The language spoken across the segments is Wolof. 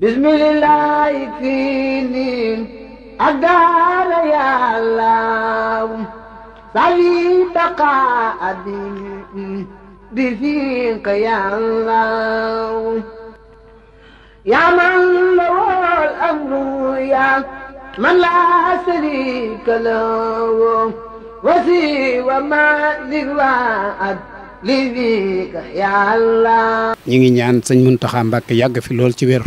bismillah fii nii ak daara yàllaaw sali baqa abi bi fiq yàllaaw yaa man lawal amru yaa man laa sharika lahu wasi wa ma liwaat li fiq yàllaaw ngi ñaan sëñ Muntaxa Mbàkke yàgg fi lool ci wér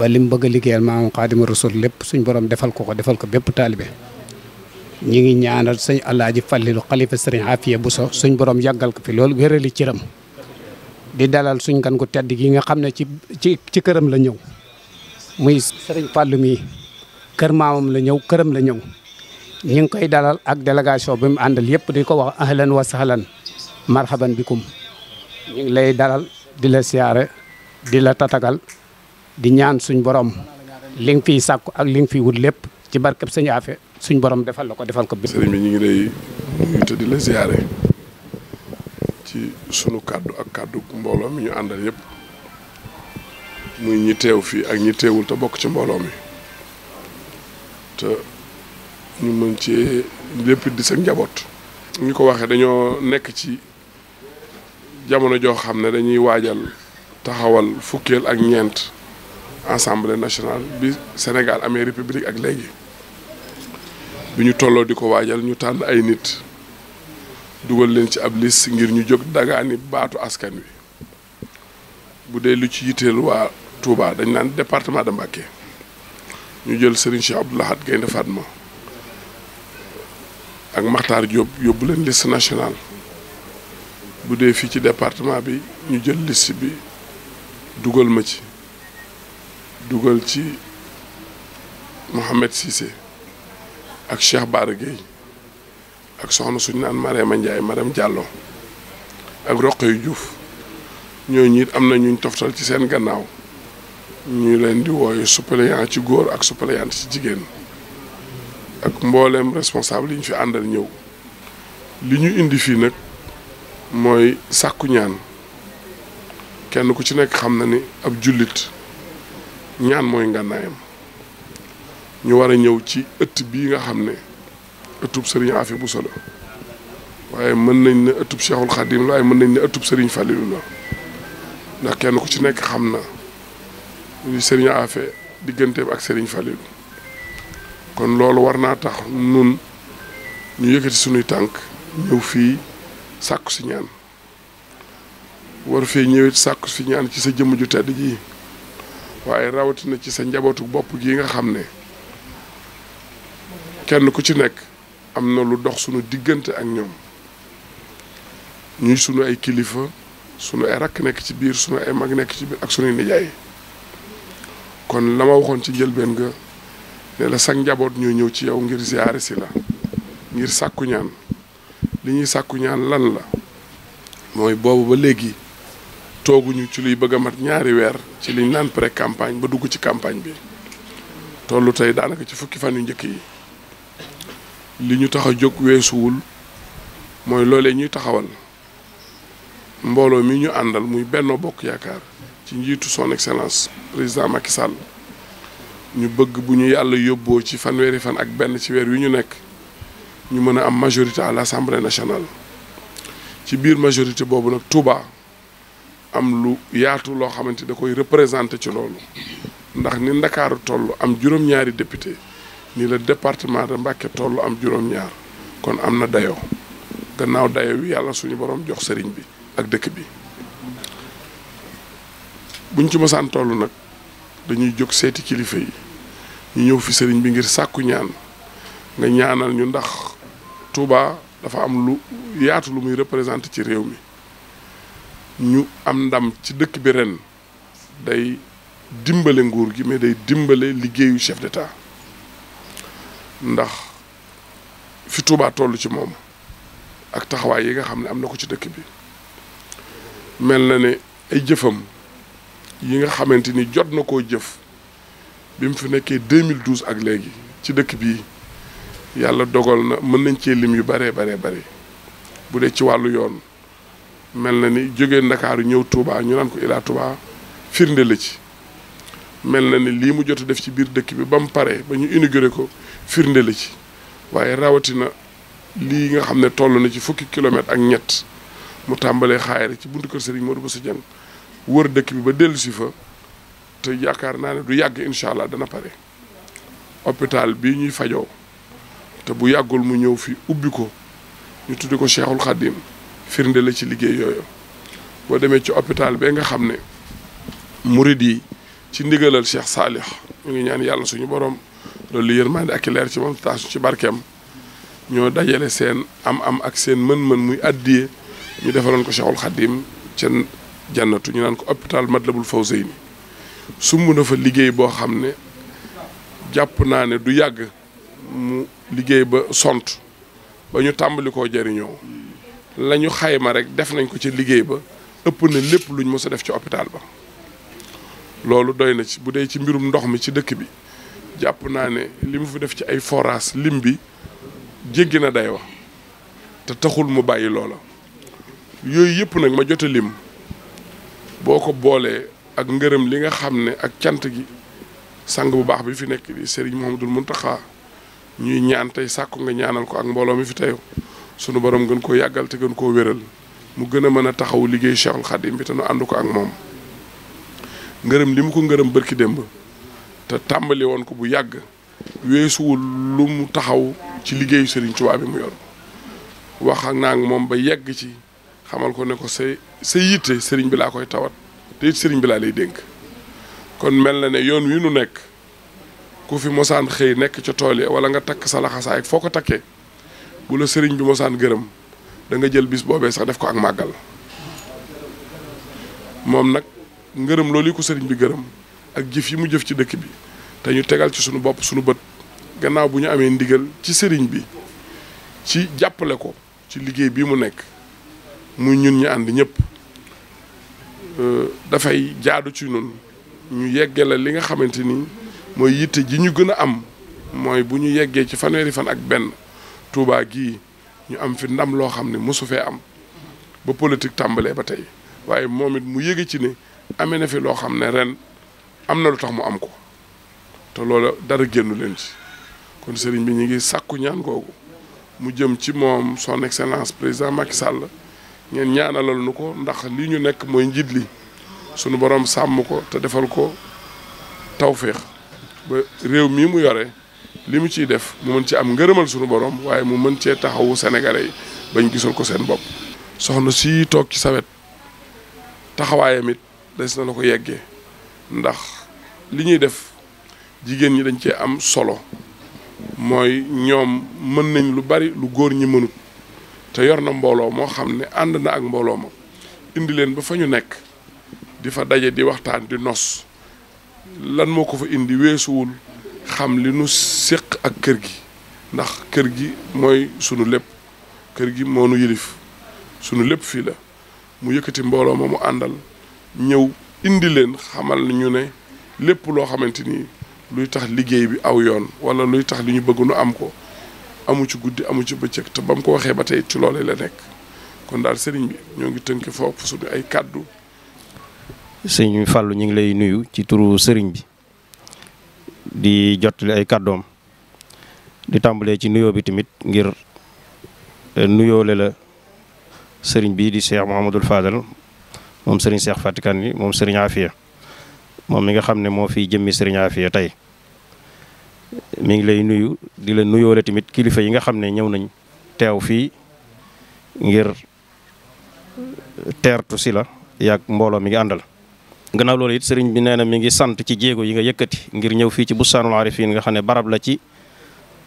ba lim bëgg a liggéeyal maam Xaadimu Rasul lépp suñ borom defal ko ko defal ko bépp taalibe ñi ngi ñaanal sëñ Alaaji Fallilu xalifa sëriñ Afiya so suñ boroom yàggal ko fi loolu wérali cëram di dalal suñ gan gu tedd gi nga xam ne ci ci ci këram la ñëw muy sëriñ Fallu mii kër maamam la ñëw këram la ñëw ñi ngi koy dalal ak délégation bi mu àndal yëpp di ko wax ahlan wa sahlan marhaban bikum ñu ngi lay dalal di la siyaare di la tatagal di ñaan suñ borom li nga fiy sàkku ak li nga fiy wut lépp ci barkeb sëñ Afe suñ borom defal la ko defal ko. sëriñ bi ñu ngi lay nuyu te di la ziyaare ci sunu kàddu ak kàddu mbooloo mi ñu àndal yëpp muy ñi teew fii ak ñi teewul te bokk ci mbooloom mi te ñu mën ci lépp di sa njaboot. ñu ko waxee dañoo nekk ci jamono joo xam ne dañuy waajal taxawal fukkeel ak ñeent. assemblée nationale bi Sénégal amee république ak léegi bi ñu tolloo di ko waajal ñu tànn ay nit dugal leen ci ab liste ngir ñu jóg dagaani baatu askan wi bu dee lu ci yitteel waa Touba dañ naan département de Mbacké ñu jël Serigne Cheikh Abdou Lahad Gaïndé Fatma ak Makhtar Diop yóbbu leen liste nationale bu dee fii ci département bi ñu jël liste bi dugal ma ci dugal ci Mouhamed Cissé ak Cheikh Bara Gueye ak soxna suñu naan Marème Ndiaye madame Diallo ak Roqeyu Diouf ñoo ñiit am na ñuñ toftal ci seen gannaaw ñu leen di wooye suppléant ci góor ak suppléant ci jigéen ak mbooleem responsable yi ñu fi àndal ñëw li ñu indi fii nag mooy sàkku ñaan kenn ku ci nekk xam na ni ab jullit ñaan mooy ngànnaayam ñu war a ñëw ci ëtt bii nga xam ne ëttub sëriñ Afi bu solo waaye mën nañ ne ëttub Cheikhul Khadim mën nañ ne sëriñ Falilu la ndax kenn ku ci nekk xam na li sëriñ Afi digganteem ak sëriñ Falilu kon loolu war naa tax nun ñu yëkkati sunuy tànk ñëw fii sàkku si ñaan war fee ñëwit sàkku si ñaan ci sa jëmm ju tedd ji waaye rawatina ci sa njabootu bopp gi nga xam ne kenn ku ci nekk am na lu dox sunu diggante ak ñoom ñuy sunu ay kilifa sunu ay rakk nekk ci biir sunu ay mag nekk ci biir ak sunuy nijaay kon la waxoon ci njëlbeen ga ne la sag njaboot ñoo ñëw ci yow ngir ziyaare si la ngir sàkkuñaan ñaan li ñuy sàkku lan la mooy boobu ba léegi tooguñu ci luy bëgg a mat ñaari weer ci liñ naan pré campagne ba dugg ci campagne bi tollu tey daanaka ci fukki fan yu njëkk yi li ñu tax a jóg weesuwul mooy loolee ñuy taxawal mbooloo mi ñu àndal muy Benno Bokk Yaakaar ci njiitu son excellence président Macky Sall ñu bëgg bu ñu yàlla yóbboo ci fanweeri fan ak benn ci weer yu ñu nekk ñu mën a am majorité à l'Assemblée nationale ci biir majorité boobu nag Touba. am lu yaatu loo xamante da koy représenté ci loolu ndax ni ndakaaru toll am juróom-ñaari député ni la département de Mbacké toll am juróom-ñaar kon am na dayoo gannaaw dayo wi yàlla suñu borom jox sëriñ bi ak dëkk bi buñ ci mosaan toll nag dañuy jóg seeti kilifa yi ñu ñëw fi sëriñ bi ngir sàkku ñaan nga ñaanal ñu ndax Touba dafa am lu yaatu lu muy représenté ci réew mi ñu am ndam ci dëkk bi ren day dimbale nguur gi mais day dimbale liggéeyu chef d'état ndax fi Touba toll ci moom ak taxawaay yi nga xam ne am na ko ci dëkk bi mel na ne ay jëfam yi nga xamante ni jot na koo jëf bi mu fi nekkee 2012 ak léegi ci dëkk bi yàlla dogal na mën nañ cee lim yu baree baree bari bu dee ci wàllu yoon mel na ni jóge ndakaaru ñëw Touba ñu naan ko Ila Touba firnde ci mel na ni lii mu jot def ci biir dëkk bi ba mu paree ba ñu inauguré ko firnde ci waaye rawatina lii nga xam ne toll na ci fukki kilomètre ak ñett mu tàmbalee xaayare ci buntu kër Serigne Modou Bousso Dieng wër dëkk bi ba dellu si fa te yaakaar naa ne du yàgg incha allah dana pare hôpital bii ñuy fajoo te bu yàggul mu ñëw fi ubbi ko ñu tuddi ko Cheikhul Khadim firnde la ci liggéey yooyu boo demee ci hôpital bee nga xam ne murid ci ndigalal Cheikh Saalix ñu ngi ñaan yàlla suñu borom loolu yërmande ak leer ci moom taasu ci barkeem ñoo dajale seen am-am ak seen mën-mën muy addiye ñu defaloon ko Cheikhul Khadim ca jannatu ñu naan ko hôpital Matlaboul Fawzeyni sumb na fa liggéey boo xam ne jàpp naa ne du yàgg mu liggéey ba sont ba ñu tàmbali koo jariñoo lañu ñu xayma rek def nañ ko ci liggéey ba ëpp na lépp luñ mës a def ci hôpital ba loolu doy na ci bu dee ci mbirum ndox mi ci dëkk bi jàpp naa ne li mu fi def ci ay forage lim bi jéggi na day wa te taxul mu bàyyi loola yooyu yëpp nag ma jot lim boo ko boolee ak ngërëm li nga xam ne ak cant gi sang bu baax bi fi nekk di Serigne Mouhamadoul Mountakha ñuy ñaan tey sàkku nga ñaanal ko ak mbooloo mi fi teew sunu borom gën koo yàggal te gën koo wéral mu gën a mën a taxaw liggéey Cheikhul Khadim bi te nu ànd ko ak moom ngërëm li mu ko ngërëm bërki démb te tàmbali woon ko bu yàgg weesuwul lu mu taxaw ci liggéeyu Serigne Touba bi mu yor wax ak naa moom ba yegg ci xamal ko ne ko sa sa yitte Serigne bi laa koy tawat te it Serigne bi laa lay dénk kon mel na ne yoon wi nu nekk ku fi mosaan xëy nekk ca tool ya wala nga takk sa laxasaay foo ko takkee bu la sëriñ bi mosaan gërëm danga jël bis boobee sax def ko ak màggal moom nag ngërëm loolu yi ko sëriñ bi gërëm ak jif yi mu jëf ci dëkk bi te ñu tegal ci suñu bopp suñu bët gannaaw bu ñu amee ndigal ci sëriñ bi ci jàppale ko ci liggéey bi mu nekk muy ñun ñu ànd ñëpp euh, dafay jaadu ci ñun ñu yeggale li nga xamante ni mooy yitte ji ñu gën a am mooy bu ñu yeggee ci fanweeri fan ak benn Touba gii ñu am fi ndam loo xam ne mosu fee am ba politique tàmbalee ba tey waaye moom it mu yëge ci ne amee na fi loo xam ne ren am na lu tax mu am ko te loolu dara génnu leen ci kon sëriñ bi ñu ngi sàkku ñaan googu mu jëm ci moom son excellence président Macky Sall ngeen ñaanalal nu ko ndax li ñu nekk mooy njiit li sunu borom sàmm ko te defal ko tawféex ba réew mii mu yore. li mu ciy def mu mën ci am ngërëmal sunu borom waaye mu mën cee taxawu sénégalais bañ gisul ko seen bopp soxna si toog ci sawet taxawaayam it des na la ko yeggee ndax li ñuy def jigéen ñi dañ cee am solo mooy ñoom mën nañ lu bari lu góor ñi mënut te yor na mbooloo moo xam ne ànd na ak mbooloo ma indi leen ba fa ñu nekk di fa daje di waxtaan di nos lan moo ko fa indi weesuwul xam li nu séq ak kër gi ndax kër gi mooy sunu lépp kër gi moo nu yilif sunu lépp fii la mu yëkkati mbooloo ma mu àndal ñëw indi leen xamal ñu ne lépp loo xamante ni luy tax liggéey bi aw yoon wala luy tax li ñu bëgg nu am ko amu ci guddi amu ci bëccëg te ba mu ko waxee ba tey ci loole la nekk kon daal sëriñ bi ñoo ngi tënk foofu suñu ay kàddu sëriñ Fallou ñu ngi lay nuyu ci turu sëriñ bi di jottali ay kàddoom di tàmbalee ci nuyoo bi tamit ngir eh, nuyoole la sëriñ bi di Cheikh Mouhamadul Fadal moom sëriñ Cheikh Fatikan moom sëriñ Afia moom mi nga xam ne moo fi jëmmi sëriñ Afia tey mi ngi lay nuyu di la nuyoole tamit kilifa yi nga xam ne ñëw nañ teew fii ngir teertu si la yaag mbooloo mi ngi àndal gannaaw loolu it sëriñ bi nee na mi ngi sant ci jéego yi nga yëkkati ngir ñëw fii ci bustaanul arifin nga xam ne barab la ci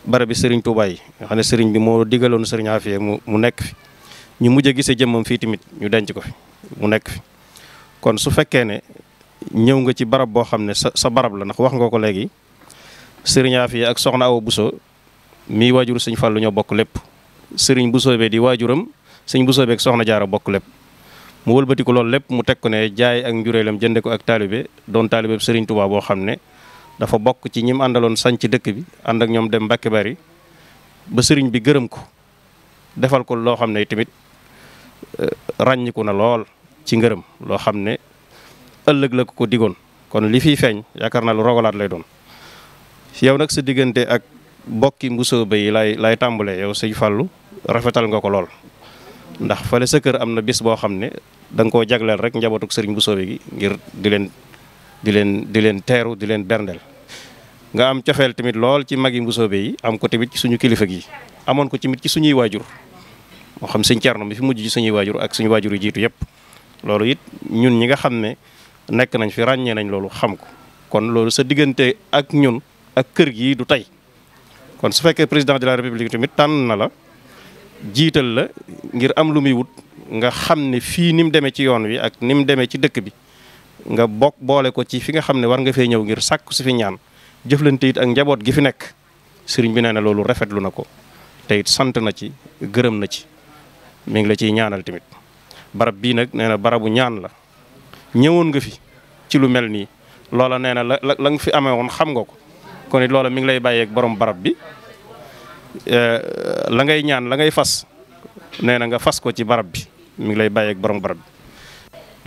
barab bi sëriñ Touba yi nga xam ne sëriñ bi moo digaloon sëriñ Afia mu nekk fi ñu mujj a gisee jëmmam fii tamit ñu denc ko fi mu nekk fi kon su fekkee ne ñëw nga ci barab boo xam ne sa sa barab la ndax wax nga ko léegi sëriñ Afia ak soxna Awa Bousso mii waajur sëñ Fallou ñoo bokk lépp sëriñ Bousso be di waajuram sëñ Bousso beeg soxna Jaara bokk lépp. mu wëlbatiku ko loolu lépp mu teg ko ne jaay ak njureelam jënde ko ak taalibe doon taalibe Serigne Touba boo xam ne dafa bokk ci ñim àndaloon sanc dëkk bi ànd ak ñoom dem Mbàkke Bari ba sëriñ bi gërëm ko defal ko loo xam ne tamit euh, ràññiku na lool ci ngërëm loo xam ne ëllëg la ko ko digoon kon li fiy feeñ yaakaar naa lu rogalaat lay doon yow nag sa diggante ak bokki mbusoo ba yi lay lay tàmbalee yow sëñ Fallou rafetal nga ko lool ndax fale sa kër am na bis boo xam ne danga nga koo jagleel rek njabootuk sëriñ bu soobe gi ngir di leen di leen di leen teeru di leen berndeel nga am cofeel tamit lool ci mag yi bu yi am ko tamit ci suñu kilifa gi amoon ko tamit ci suñuy waajur moo xam sëñ Cerno mi fi mujj ci suñuy waajur ak suñu waajur yu jiitu yëpp loolu it ñun ñi nga xam ne nekk nañ fi ràññee nañ loolu xam ko kon loolu sa diggante ak ñun ak kër gi du tey kon su fekkee président de la république tamit tànn na la jiital la ngir am lu muy wut nga xam ne fii ni mu demee ci yoon wi ak ni mu demee ci dëkk bi nga bokk boole ko ci fi nga xam ne war nga fee ñëw ngir sàkku si fi ñaan jëflante it ak njaboot gi fi nekk sëriñ bi nee na loolu rafetlu na ko te sant na ci gërëm na ci mu ngi la ciy ñaanal tamit barab bii nag nee na barabu ñaan la ñëwoon nga fi ci lu mel nii loola nee na la la nga fi amee woon xam nga ko kon it loola mi ngi lay bàyyeeg boroom barab bi la ngay ñaan la ngay fas nee na nga fas ko ci barab bi mu ngi lay bàyyeeg borom barab bi.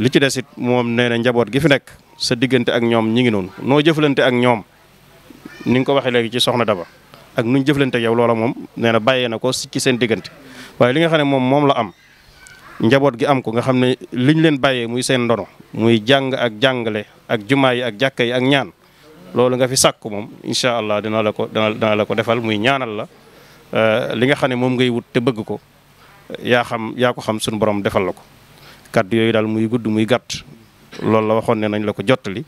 li ci des moom nee na njaboot gi fi nekk sa diggante ak ñoom ñi ngi noonu noo jëflante ak ñoom ni nga ko waxee léegi ci soxna Daba ak nu ñu yow loola moom nee na bàyyee na ko ci seen diggante waaye li nga xam ne moom moom la am. njaboot gi am ko nga xam ne liñ leen bàyyee muy seen ndono muy jàng ak jàngale ak jumaa yi ak jàkka yi ak ñaan loolu nga fi sàkk moom incha allah dina la ko dina la ko defal muy ñaanal la. li nga xam ne moom ngay wut te bëgg ko yaa xam yaa ko xam sunu borom defal la ko kàddu yooyu daal muy gudd muy gàtt loolu la waxoon ne nañu la ko jottali